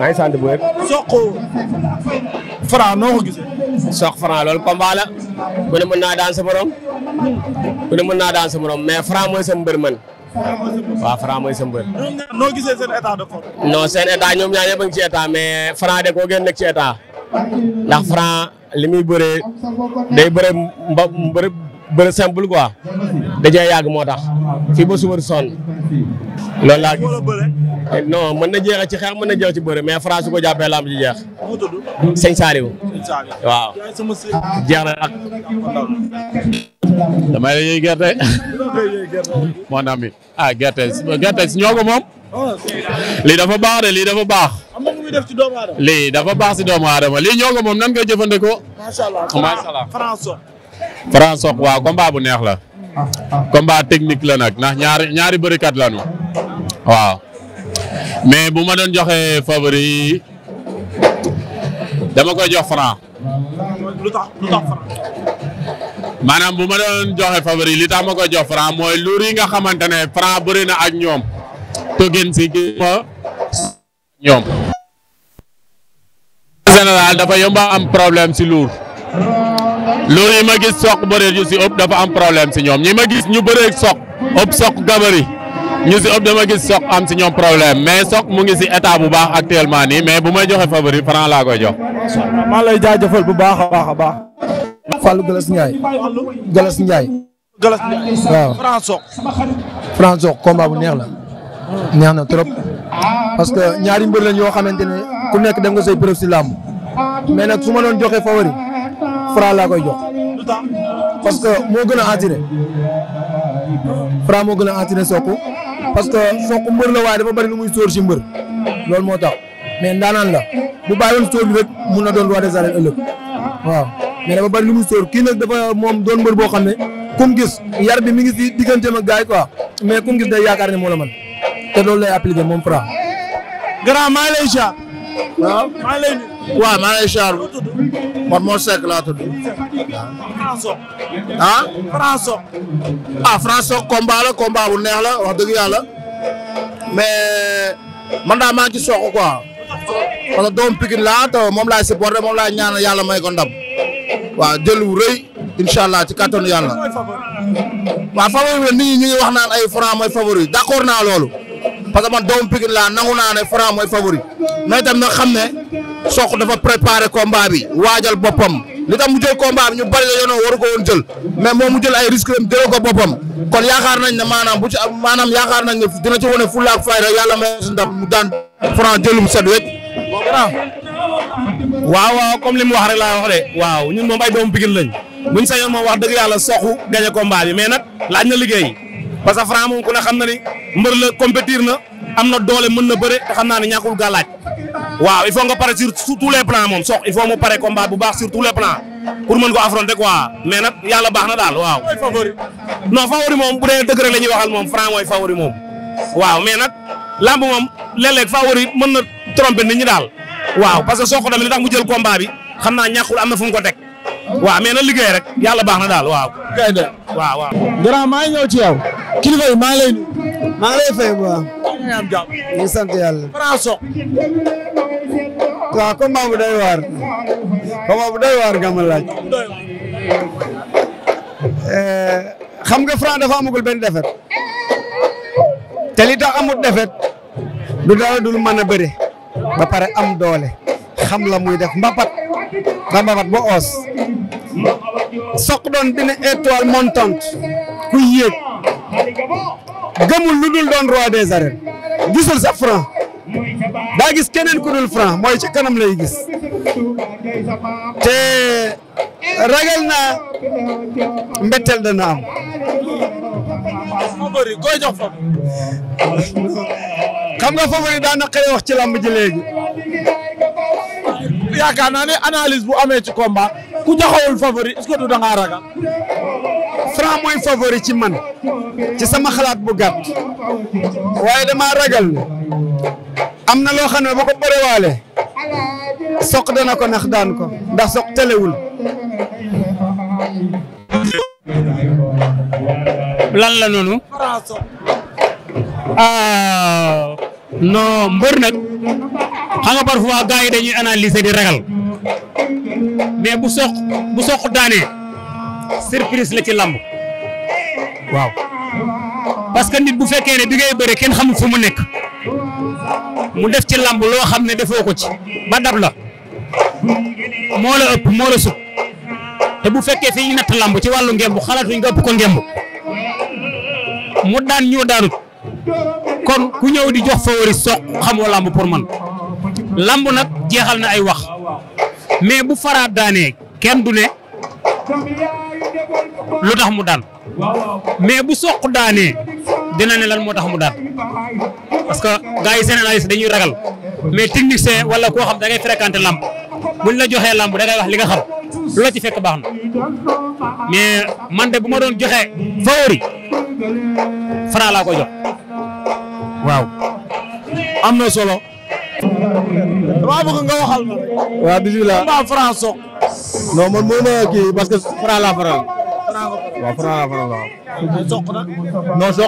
maa ngi sant bu wér. soq Franc noo ko gisee. soq Franc naa daan sa morom. bu naa daan sa mais Franc mooy sa mbër man. waaw Franc mooy sa mbër. ñoom ñaar noo gisee seen état ñoom ñaar ñëpp ci état mais Franc de koo gën nekk ci état. ndax Franc li muy bëree day bëree mba bëri simple quoi. moo tax. fii ba suba sonn. loolu laa gis mën na jeex ci xeex mën na jeex ci bëre mais France su ko jàppee lamb ji jeex. sëñ waaw jeex ak. damay la yëy gerte. mon ami ah gerte gerte ñoo ko moom. lii dafa baax de lii dafa baax. lii dafa baax si doomu aadama lii ñoo ko moom nan koy jëfandikoo. macha allah France sox waaw combat bu neex la. combat technique la nag ndax ñaari ñaari bërikat lañu. waaw mais bu ma doon joxe favori dama koy jox Franc. maanaam bu ma doon joxe favori li tax ma koy jox Franc mooy luur yi nga xamante ne Franc bëri na ak ñoom. to gën si ma ñoom. en général dafa yomba am problème si luur. luur yi ma gis soq bëreet yu si ëpp dafa am problème si ñoom ñi ma gis ñu bëreeg soq ëpp soq gabari ñu si ëpp dama gis Sokh am si ñoom problème mais Sokh mu ngi si état bu baax actuellement nii mais bu may joxe favori Franc laa koy jox. maa lay jaajëfal bu baax a baax a baax. Fallou Galas Ndiaye. Galas Ndiaye. Galas Ndiaye waaw Franc Sokh. Franc Sokh combat bu neex la. neex na trop. parce que ñaari mbër lañ yoo xamante ne ku nekk def nga say preuve si làmb. mais nag su ma doon joxe favori Franc laa koy jox. parce que moo gën a attiré. Franc moo gën a attiré Sokh. parce que Sokh mbër la waaye dafa bari lu muy sóor si mbër moo tax mais ndaanaan la bu bàyyiwoon sóor bi rek mun na doon roi des arènes ëllëg waaw mais dafa bari lu muy sóor kii nag dafa moom doon mbër boo xam ne kum gis yar bi mi ngi si digganteem ak gars yi quoi mais kum gis day yaakaar ne moo la man te loolu lay moom Franc. grand maa waaw maa ngi lay siyaar bu tudd man laa tudd. Fransoc. ah. Fransoc. ah Fransoc combat la bu neex la wax dëgg yàlla mais man daa maa ngi ci soq quoi doom Pikine laa te moom laay supporté moom laay ñaanal yàlla may ko ndam waaw jël wu rëy incha allah ci kattanu yàlla. waaw favori bi nit ñi wax naan ay Franc mooy favori d' naa loolu parce man doom Pikine laa nangu naa ne Franc mooy favori mais itam nag xam ne. Sokh dafa préparé combat bi waajal boppam li tax mu jël combat bi ñu bari la yoonoo waru ko woon jël jël ay risque am jëloo ko boppam kon yaakaar nañ ne maanaam bu ci maanaam yaakaar nañ ne dina ci wane fulla ak fayda yàlla may si ndam mu jëlum set wecc waaw waaw comme li mu wax rek laa wax de waaw ñun moom ay doomu Pikine lañ buñ sañoon moom wax dëgg yàlla Sokh gagné combat bi mais nag laaj na liggéey parce que Franc moom ku ne xam na ni mbër la compétir am na doole mën na bëre te xam naa ne ñàkkul waaw il faut nga pare sur tous les moom sox il faut mu pare combat bu baax sur tous les plans mën ko affronter quoi mais nag yàlla baax na daal waaw. non favori moom bu dee dëgg rek la ñuy waxal moom Franc mooy favori moom. waaw mais nag lamb moom léeg fa favori mën na tromper nit ñi daal. waaw parce que sox tamit li tax mu jël combat bi xam naa ñàkkul am na fu mu ko teg. waaw mais na liggéey rek yàlla baax na daal waaw. gaynde waaw waaw. grand maa ngi ñëw ci yow. kilifa yi maa ngi lay nuyu. maa ngi lay waaw combat bu doy waar combat bu doy nga ma laaj. xam nga Franc dafa amagul benn defet te li amut defet du dara dul mën a bëre ba am doole xam la muy def mbapat ba mbapat ba oos soq doon dina étoile montante ku yéeg gëmul lu dul doon roi des arènes gisul sa Franc daa gis keneen ku dul franc mooy ca kanam lay gis te ragal naa mbetteel dana am. favori jox fa xam nga favori daa naqaree wax ci lamb ji léegi. yaakaar naa ne analyse bu amee ci combat ku joxawul favori est-ce que du da ngaa ragal. Franc mooy favori ci man ci sama xalaat bu gàtt waaye dama ragal. am na loo xam ne ba ko bëriwaale soq dana ko nax daan ko ndax soq telewul lan la noonu ah non mbër nag xam nga parfois gars yi dañuy analyser di ragal mais bu soq bu soq daanee surprise la ci lamb waaw parce que nit bu fekkee ne bi ngay bëre kenn xam fu mu nekk. mu def ci lamb loo xam ne defoo ko ci ba dab la moo ëpp moo la te bu fekkee fi ñu natt ci wàllu ngemb xalaatuñ nga ëpp ko ngemb mu daan ñoo daanut kon ku ñëw di jox favori soq xamoo lamb pour man lamb nag jeexal na ay wax mais bu faraat daanee kenn du ne lu tax mu daan mais bu soq daanee dina ne lan moo tax mu daan parce que gars yi seen analyse dañuy ragal mais technicien wala koo xam da ngay fréquenter lamb buñ la joxe lamb da ngay wax li nga xam lu la ci fekk baax na mais man bu ma doon joxe favori Franc laa ko jox waaw. am na solo. damaa bëgg nga waxal ma. waaw parce que Franc laa faral. Franc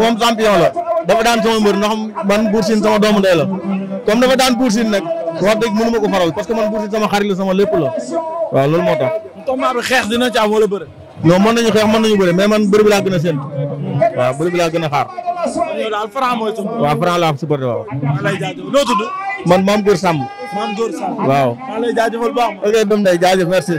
moom champion la. dafa daan sama mbër ndax man Bour Sine sama doomu ndey la comme dafa daan Bour Sine nag wax dëgg mënu ma ko faral parce que man Bour sama xarit sama lépp la waaw moo tax. combat bi xeex dina ci am wala bëre. non nañu xeex mën nañu bëre mais man bëre laa gën a séen waaw bëre laa gën a xaar. yow daal laa am supporté man Mame Gor Samb. waaw. maa doom day jaajëf merci.